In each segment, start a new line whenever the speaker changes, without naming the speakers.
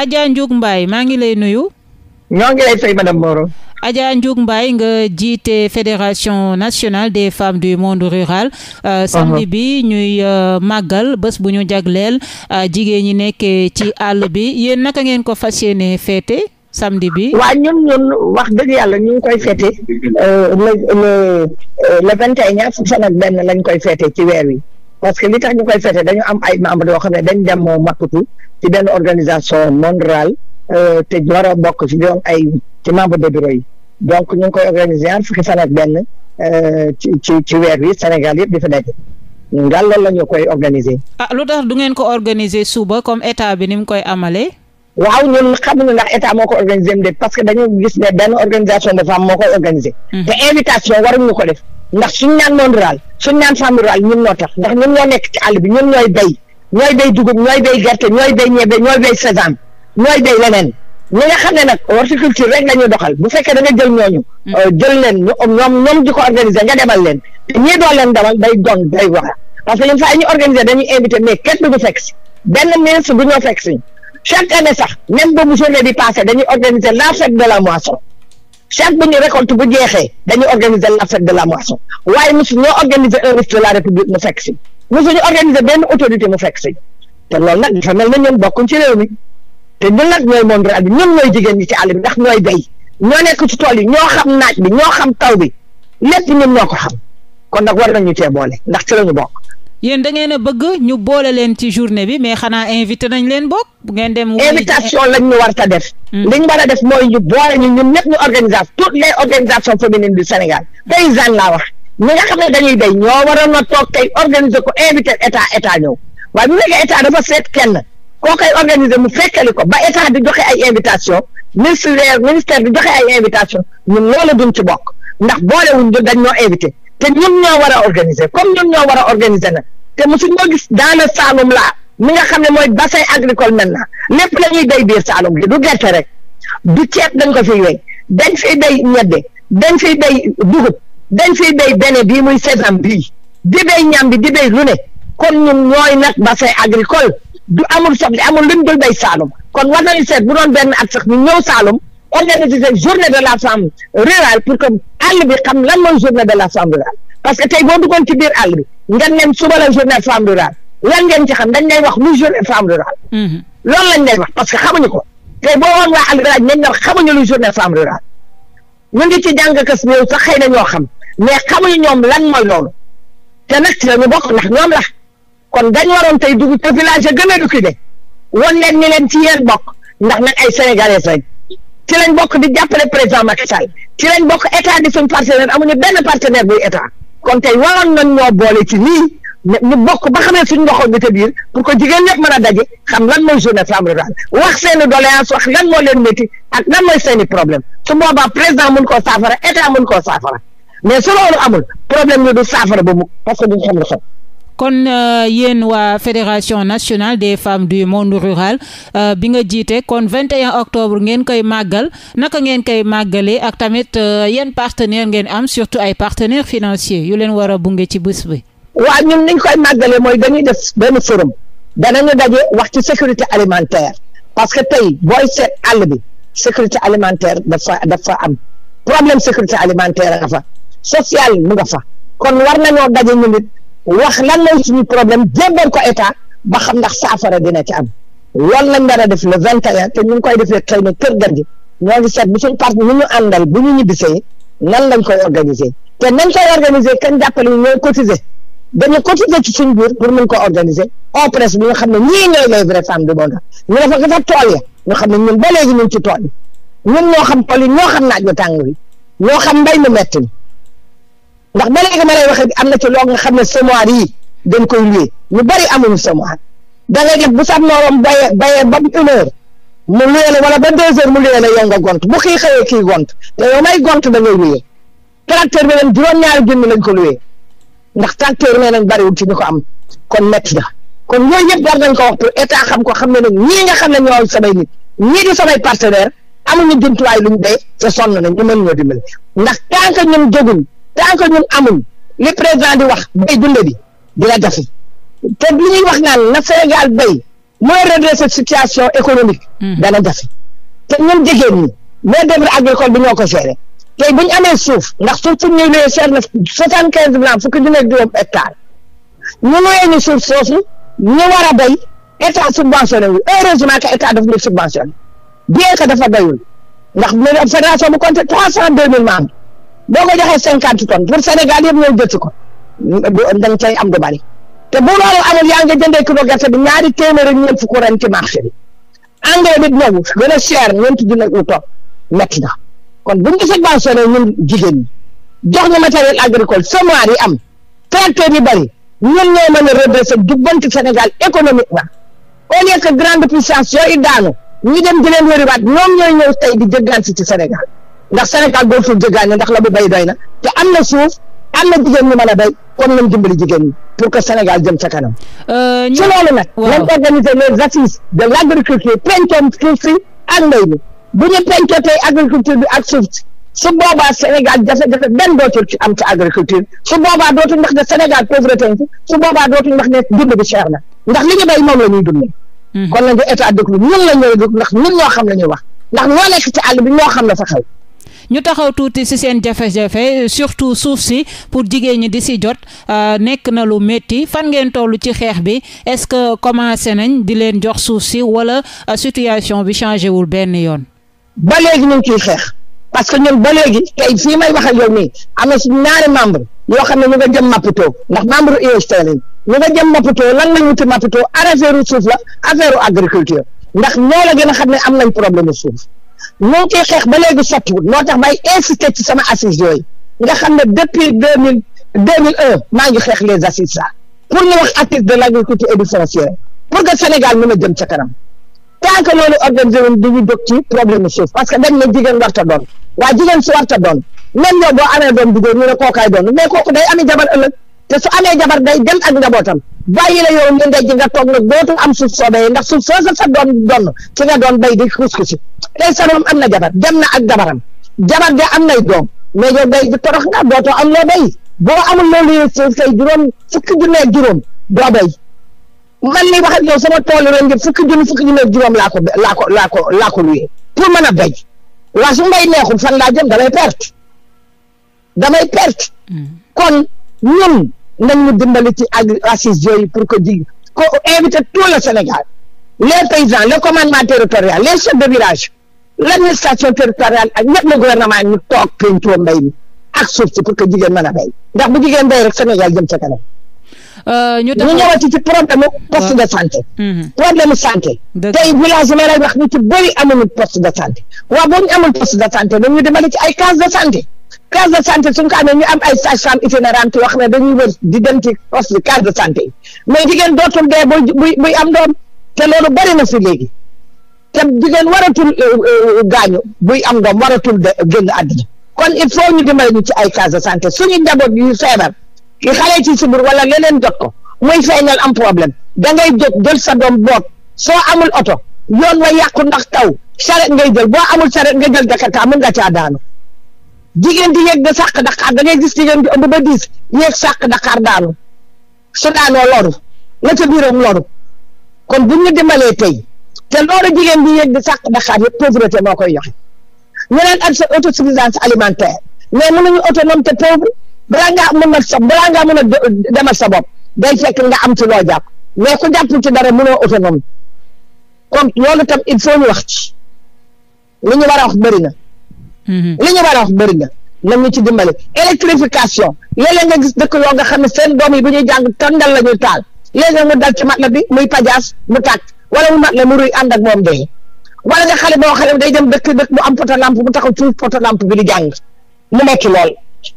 Adja Ndiouk Mbaye maa ngi lay nuyu.
ñoo ngi lay fay madame Moreau.
Adja Ndiouk Mbaye nga jiite fédération nationale des femmes du monde rural. Euh, uh-huh. samedi bi ñuy euh, màggal bés bu ñu jagleel euh, jigéen ñi nekkee ci àll bi yéen naka ngeen ko fas yéene féete samdi bi. waaw
ñun ñun wax dëgg yàlla ñu ngi koy féete le le le fukk fan ak benn lañ koy féete ci weer wi. parce que li tax ñu koy fete dañu am ay membres yoo xam ne dañ dem Maputo ci benn organisation mondiale euh, te war bokk ci doon ay ci membre de donc ñu ngi koy organiser ñaar fukki fan ak benn euh, ci ci ci weer wi Sénégal yëpp di fa daje ngal loolu la ñu koy organiser.
ah lu tax du ngeen ko organiser suba comme état bi ni mu koy amalee.
waaw ñun xamuñu ndax état moo ko organisé de parce que dañu gis ne benn organisation de femmes moo koy organisé. Hmm. te invitation waruñu ko def ndax suñu naan mondial suñ naan famille rurale ñun ñoo tax ndax ñun ñoo nekk ci àll bi ñun ñooy béy ñooy béy dugub ñooy béy gerte ñooy béy ñebe ñooy béy sésame ñooy béy leneen ñi nga xam ne nag horticulture rek bu fekkee da nga jël ñooñu. Mm. Euh, jël ñoom ñoom di ko organiser nga demal leen ñii doo leen demal day doon day wax parce que ñun saa ñu organiser dañuy invité mais kenn du ko fekk benn ministre bu ñoo fekk si chaque année sax même boobu journée bi passé dañuy organiser la fête de la moisson. chaque bu ñu récolte bu jeexee dañuy organiser la fête de la moisson waaye si ñoo organiser un ministre de la république mu fekk si mosu ñu organiser benn autorité mu fekk si te loolu nag dafa mel ne ñun ci réew mi te ñun nag ñooy moom bi ñun ñooy jigéen ñi ci àll ndax ñooy béy ñoo nekk ci tool yi ñoo xam naaj bi ñoo xam taw bi lépp ñun ñoo ko xam kon nag war nañu cee boole ndax ci lañu bokk.
yéen da ngeen a bëgg ñu boole leen ci journée bi mais xanaa invité nañ leen bokk bu ngeen dem. invitation lañ
ñu war ta def. li ñu a def mooy ñu boole ñu ñun ñëpp ñu organisation toutes les organisations féminines du Sénégal paysan laa wax ñi nga xam ne dañuy béy ñoo waroon a toog tey organiser ko invité état état ñëw waaye bu nekkee état dafa seet kenn koo koy organiser mu fekkali ko ba état di joxe ay invitation ministère ministère di joxe ay invitation ñun loolu duñ ci bokk ndax boolewuñ ñu dañ ñoo invité. te ñun ñoo war a organiser comme ñun ñoo war a organiser na te mosuñ ñoo gis daana Saalum laa mi nga xam ne mooy bassin agricole maintenant lépp la ñuy béy biir Saalum gi du gerte rek du ceeb dañ ko fiy wey dañ fiy béy ñebbe dañ fiy béy dugub dañ fiy béy bene bii muy sésam bi di béy ñam bi di béy lu ne kon ñun ñooy nag bassin agricole du amul soble amul luñ dul béy Saalum kon war nañu seet bu doon benn ak sax ñu ñëw Saalum organiser journée de la femme rurale pour que àll bi xam lan mooy journée de la femme rurale parce que tey boo duggoon ci biir àll bi ngan ne suba la journée femme rurale lan ngeen ci xam dañ lay wax lu journée femme rurale. Mhm. loolu lañ lay wax parce que xamuñu ko tey boo woon waa àll bi laaj nañ ne xamuñu lu journée femme rurale ñu ngi ci jàng kës néew sax xëy na ñoo xam mais xamuñu ñoom lan mooy loolu te nag ci la ñu bokk ndax ñoom la kon dañ waroon tey dugg te village ya gën a reculé woon leen ni leen ci yéen bokk ndax nag ay sénégalais rek. ci lañ bokk di jàppale président Macky Sall ci lañ bokk état di suñ partenaire amuñu benn partenaire buy état kon tey waroon nañ ñoo boole ci lii ñu bokk ba xamee suñ ndoxoon bi te biir jigéen ñëpp mën a daje xam lan mooy journée femme rurale wax seeni doléance wax lan moo leen métti ak lan mooy seeni problème su boobaa président mun koo saafara état mun koo saafara mais su loolu amul problème yi du saafara ba mu parce que duñ xam lu kon
euh, yéen waa fédération national des femmes du monde rural euh, bi nga jiite kon 21 octobre ngeen koy màggal naka ngeen koy màggalee ak tamit euh, yéen partenaire ngeen am surtout ay partenaires financier yu leen war a bunge ci bés bi.
waaw ñun niñ koy màggalee mooy dañuy def benn forum danañu daje wax ci sécurité alimentaire parce que tey booy seet àll bi sécurité alimentaire dafa dafa am problème sécurité alimentaire nga fa social mu nga fa kon war nañoo daje ñu wax lan lay suñu problème jébbal ko état ba xam ndax saafara dina ci am loolu lañ war def le vingt et un te ñu ngi koy defee xëy na kër gar gi ñoo ngi seet bu suñ parti nan lañ koy organiser te nañ koy organiser kan jàppale ñu ñooy cotiser dañu ci suñ biir pour mën ko organiser au presse bi nga xam ne ñii ñooy les vraies femmes du monde ñu dafa fa tool ya ñu xam ne ñun ba léegi ñu ci tool yi noo xam tool yi ñoo xam naaj bu tàng bi ñoo xam mbay mu metti ndax ba léegi ma lay waxee am na ci loo nga xam ne semoir yi dañ koy luye ñu bari amuñu semoir da ngay def bu sa morom bayee bayee ba une mu luye la wala ba deux heures mu luye la yow nga gont bu kii xëyee kii gont te yow may gont da ngay luye tracteur bi leen juróom-ñaari junni lañ ko luye ndax tracteur nee nañ bariwul ci ñu ko am kon métti na kon yooyu yëpp war nañ ko waxtu état xam ko xam ne nag ñii nga xam ne ñoo samay nit ñii di samay partenaire amuñu jumtuwaay luñ bay te sonn nañ ñu mën ñoo dimbali ndax tant que ñun jóguñ tant que ñun amuñ li président di wax bay dund bi dina jafe te li ñuy wax naan na Sénégal bay mooy redresser situation économique. Mhm. dana jafe te ñun jigéen ñi main d'œuvre agricole bi ñoo ko gérer tey bu ñu amee suuf ndax suuf suñ ñuy loué cher na soixante quinze blanc fukki junni ak juróom hectare ñu loué ñu suuf soosu ñu war bay état subventionné wu heureusement que état daf ñu subventionné bien dafa bayul ndax fédération bu compté trois cent deux mille membres boo ko joxee cinquante tonnes pour Sénégal yëpp ñëw jënd ko da nga am du bari te bu loolu amul yaa ngi jëndee kilo gerte bi ñaari téeméer ak ñeent fukk ren ci marché bi engrais bi ñëw gën a cher ñeent dina ñu toog métti na kon bu ñu subventionné ñun jigéen ñi jox ñu matériel agricole semoir yi am tracteur yi bari ñun ñoo mën a redressé jubbanti Sénégal économiquement au lieu que grande puissance yooyu daanu ñu dem di leen wëriwaat ñoom ñooy ñëw tey di jëggaan ci Sénégal. ndax Sénégal dootul jëgaane ndax la mu béy doy na te am na suuf am na jigéen ñi mën a béy kon nañ dimbali jigéen ñi pour que Sénégal jëm ca kanam. Euh, ci loolu nag. waaw nañ organiser les assises de l' agriculture peñcoom suuf si ak mbéy mi bu ñu peñcootee agriculture bi ak suuf si su boobaa Sénégal jafe-jafe benn dootul ci am ci agriculture su boobaa dootul ndax ne Sénégal pauvreté ngi su boobaa dootul ndax ne dund bi cher na ndax li ñu béy moom la ñuy dundee. Mhm. kon nañu état déglu ñun la ñuy déglu ndax ñun ñoo xam la ñuy wax ndax ñoo nekk ci àll bi ñoo xam la fa xew
ñu taxaw tuuti ci seen jafe-jafe suuf si pour jigéen ñi di si jot euh, nekk na lu metti fan ngeen toll ci xeex bi est-ce que commencé nañ di leen jox suuf si walla euh, situation bi changé wul benn yoon.
ba léegi ñu ngi xeex parce que ñun ba léegi tey fii may wax ak yow nii am na suñu ñaari membre yoo xam ne ñu nga jëm Maputo ndax membre UST lañ ñu nga jëm Maputo lan lañ wuti Maputo affaire suuf la affaire agriculture ndax ñoo la gën a xam ne am nañ problème suuf. ñoo koy xeex ba léegi sottiwul loo tax may insister ci sama assises yooyu nga xam ne depuis deux mille deux mille un maa ngi xeex les assises ça pour ñu wax assises de l' agriculture et du foncier pour que Sénégal mën a jëm ca kanam tant que loolu organisé wuñ dañuy jóg ci problème mu suuf parce que dañ ne jigéen warta doon waa jigéen su warta doon même yow boo amee doom bu góor ñu ne kookaay doon mais kooku day amee jabar day jël ak njabootam bàyyi la yow li ndey ji nga toog nag dootu am suuf soo ndax suuf soo sa sa doon doon ki nga doon béy di xus xusi sa doom am na jabar dem na ak jabaram jabar de am nay doom mais yow béy bi torox nga dootoo am loo béy boo amul loolu yëpp say juróom fukki junne ak juróom doo béy man li wax ak yow sama toolu ren jëpp fukki junne fukki junne ak juróom laa ko laa ko laa ko laa ko luyee pour mën a béy waa su fan laa jëm damay perte damay perte hmm. kon ñun. nañ ñu dimbali ci agri assise yooyu pour que ji ko invité tout le Sénégal les paysans le commandement territorial les chefs village l' administration territoriale ak ñëpp le gouvernement ñu toog pencoo mbay mi ak suuf si pour que jigéen mën a béy ndax bu jigéen béy rek Sénégal jëm ca kanam. Euh, ñu ñëwati ci problème poste de santé. Mhm. problème santé. tey village yi may wax ñu ci bëri amuñu poste de santé waaw boo ñu amul poste de ci ay case de santé. case de santé suñ ko amee ñu am ay sage femme itinérante yoo xam ne dañuy wër di dem ci poste de case de santé yi mais jigéen dootul dee buy buy am doom te loolu bari na fi léegi te jigéen waratul euh, euh, gaañu buy am doom waratul de génn àddina kon il faut ñu dimbale ñu ci ay case de santé suñu njaboot yu feebar ki xale ci subur wala leneen jot ko muy feeñal am problème da ngay jot jël sa doom boot soo amul oto yoon wa yàqu ndax taw charette ngay jël boo amul charette nga jël jakarta mën nga caa daanu jigéen di yegg ba sàq daqaar da ngay gis jigéen di ëmb ba diis yegg sàq daqaar daanu su daanoo loru la ca biiram loru kon bu ñu dimbalee tey te loolu jigéen di yegg sàq daqaar yëpp pauvreté moo koy yoxe ñu naan ak sa autosuffisance alimentaire mais mënuñu autonome te pauvre balaa ngaa mën a sa balaa ngaa mën na demal sa bopp day fekk nga am ci loo jàpp mais ku jàpp ci dara mënoo autonome kon loolu tam il faut ñu wax ci li ñu war a wax bëri li ñu war a na nañ ñu ci dimbale électrification léeg-léeg nga gis dëkk yoo nga xam ne seen doom yi bu ñuy jàng tàndal la ñuy taal léeg-léeg mu dal ci mat la bi muy pajaas mu tàkk wala mu mat la mu ruy ànd ak moom dee wala nga xale boo xale day dem dëkk dëkk mu am poto lampe mu taxaw ci poto lampe bi di jàng mu metti lool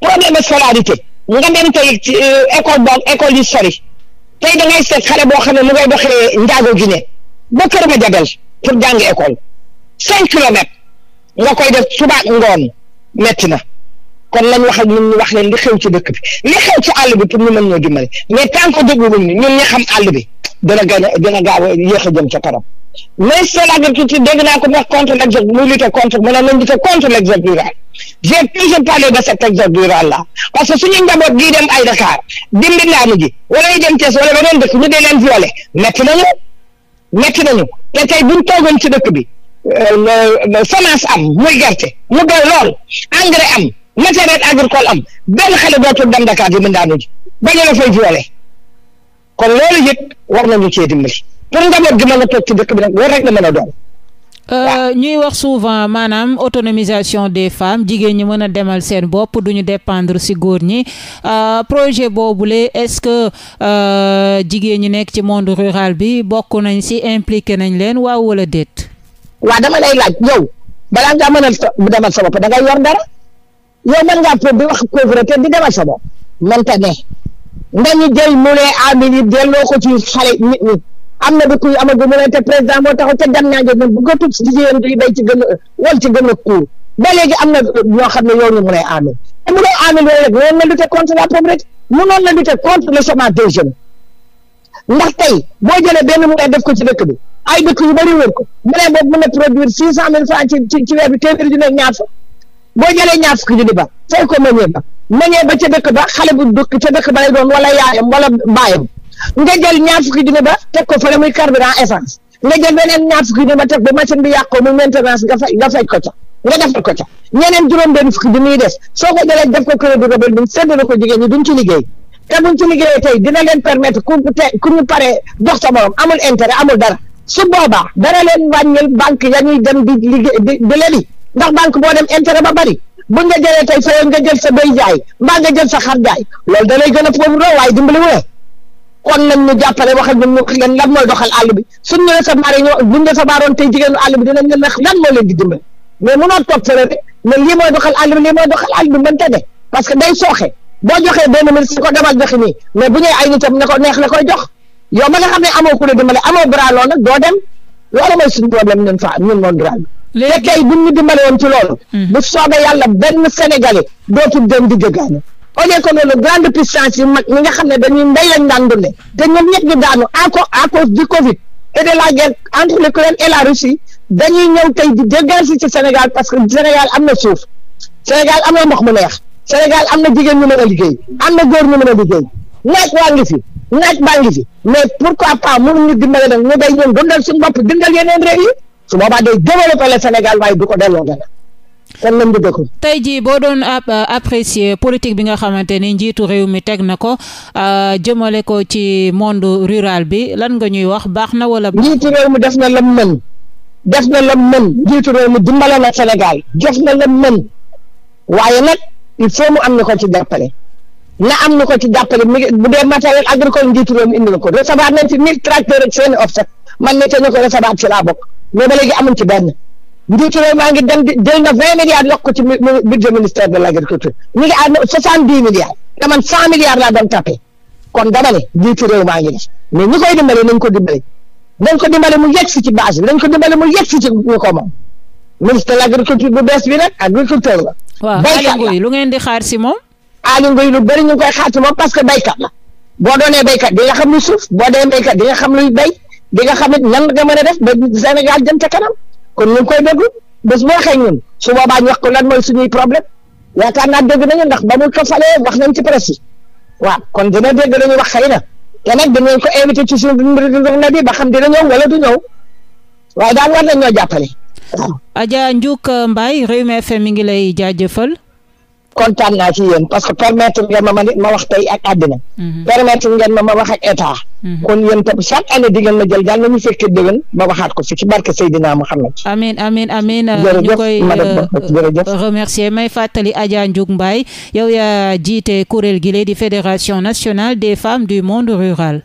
problème de scolarité nga dem tey ci euh, école donc école yu sori tey da ngay seet xale boo xam ne mu ngay doxee a Guinée ba kër ma jabel pour jàng école cinq kilomètres nga koy def suba ak ngoon metti na kon lañ wax ak wax leen li xew ci dëkk bi li xew ci àll bi pour ñu mën ñoo dimbali mais tant que dégluwuñ ni ñun ñi xam àll bi dana gën a dina gaaw a yéex a jëm ca kanam mais c'est l'agriculture dégg naa ko wax contre l'exode muy lutter contre mu ne nañ lutter contre l'exode rural j'ai toujours parlé de cet exode rural là parce que suñu njaboot gii dem ay Dakar dimbi laanu ji wala ñu dem Thiès wala beneen dëkk ñu dee leen violé metti nañu metti nañu te tey buñ ci dëkk bi Euh, semence am muy gerte mu doy lool engrais am matériel agricole am benn xale dootul dem Dakar di mën daanu ji bañ la fay violé kon loolu yëpp war nañu cee dimbali nga njaboot gi mën a toog ci dëkk bi nag loolu rek na mën a doon.
Euh, ñuy wax souvent maanaam autonomisation des femmes jigéen ñi mën a demal seen bopp du ñu dépendre si góor ñi euh, projet boobu le est-ce que jigéen ñi nekk ci monde rural bi bokk nañ si impliqué nañ leen waaw wala déet.
waa dama lay laaj yow balaa ngaa mën a demal sa bopp da ngay yor dara yow mën ngaa po di wax pauvreté di demal sa bopp mënta ne ndañu jël moulin à mil yi delloo ko ci xale nit ñi am na du kuy amagu moulin te président moo taxaw te dem naa jóg nag bu ko tub jigéen di bay ci gën a ba léegi am na ñoo xam ne yow ñu moulin à mil te moulin à mil rek mënoon na lutter contre la pauvreté mënoon na lutter contre le chômage des jeunes ndax tey boo jëlee benn mu def ko ci dëkk bi ay dëkk yu bëri wër ko mu ne boobu mën na produire six cent mille francs ci ci weer bi téeméeri ju nekk ñaar fa boo jëlee ñaar fukki junni ba fay ko meññee ba meññee ba ca xale dëkk ca dëkk ba lay doon wala yaayam wala baayam nga jël ñaar fukki junni ba teg ko fële muy nga jël beneen ñaar fukki junni ba teg ba machine bi yàqoo muy maintenance nga nga fay ko ca nga defal ko ca ñeneen juróom benn fukki junni des soo ko jëlee def ko crédit rebel bi séddale ko jigéen ñi duñ ci liggéey te buñ ci liggéeyee tey dina leen permettre ku te ku ñu paree dox sa morom amul intérêt amul dara su boobaa dana leen wàññil banque ya ñuy dem di liggéey di di lebi ndax banque boo dem intérêt ba bari buñ nga jëlee tey sa nga jël sa béy jaay mbaa nga jël sa xar jaay loolu da lay gën a foofu loo waaye dimbali wu kon nañ ñu jàppale wax ak lan mooy doxal àll bi suñ ñu la sabaaree ñoo buñ la sabaaroon tey jigéenu àll bi dinañ leen lan moo di dimbali mais mënoo toog fële ne lii mooy doxal àll bi lii de parce que day sooxe boo joxee benn ministre ko demal joxe nii mais bu ñëwee ay nitam ne ko neex la koy jox yow ma nga xam ne amoo ku la dimbale amoo bras lool nag doo dem loolu mooy suñu problème ñun fa ñun monde rural bi. léegi te tey bu ñu dimbale hmm. dem di jéggaane. au lieu que loolu grande puissance yu mag ñi nga xam ne dañuy ndey lañ daan ne te ñoom ñëpp ñu daanu à cause du Covid et de la guerre entre l'Ukraine et la Russie dañuy ñëw tey di jéggaane si ci Sénégal parce que Sénégal am na suuf Sénégal am na ndox mu neex. Sénégal am na jigéen ñu mën a liggéey am na góor ñu mën a liggéey naaj waa ngi fi naaj baa ngi fi mais pourquoi pas mënuñu dimbale nag ñu day ñun dundal suñu bopp dundal yeneen réew yi su boobaa day développé le Sénégal waaye du ko delloo gën kon lañ dëgg ko.
tey jii boo doon euh, apprécier politique bi nga xamante ni njiitu réew mi teg na ko euh, jëmale ko ci monde rural bi lan nga ñuy wax baax na wala. njiitu
réew mi def na la mën def na la mën njiitu réew mi dimbale na Sénégal def na la mën waaye nag. il faut mu am na ko ci jàppale na am na ko ci jàppale mu bu dee matériel agricole njiitu réew mi ko recevoir nañ ci mille tracteur ak seeni offset man ne te ñu ko recevoir ci laa bokk mais ba dem di jël na vingt milliards yokk kon dama ne njiitu réew maa ngi koy dimbale nañ ko ko dimbale mu yegg si ci base bi nañ ko dimbale mu yegg ci ñu ko moom ministre agriculture bu bees bi nag agriculteur waaw Aliou Ngouye lu ngeen di xaar si moom. Aliou Ngouye lu bëri ñu ngi koy xaar si moom parce que béykat la boo doonee béykat di nga xam lu suuf boo doonee béykat di nga xam luy béy di nga xam it nan nga mën a def ba Sénégal jëm ca kanam kon ñu ngi koy déglu bés bu waxee ñun su boobaa ñu wax ko lan mooy suñuy problème yaakaar naa dégg nañu ndax ba mu ko falee wax nañ ci presse yi waaw kon dina dégg nañu wax xëy na te nag dinañ ko invité ci suñu mbir na bi ba xam dina ñëw wala du ñëw waaye daal war nañ ñoo jàppale.
Adja Ndiouk euh, mbaay Rewmi FM mi ngi lay jaajëfal.
kontaan naa ci yéen parce que permettre ngeen ma ma wax tey ak àddina. Mhm. permettre ngeen ma ma wax ak état. Mhm. kon yéen tam chaque année di ngeen ma jël daal nañu fekkee déwén ba waxaat ko fi ci barke Seydina Mouhamed.
amiin amiin amiin euh, ñu koy euh, remercier may fàttali Adja Ndiouk Mbaye yow yaa jiite kuréel gi di fédération nationale des femmes du monde rural.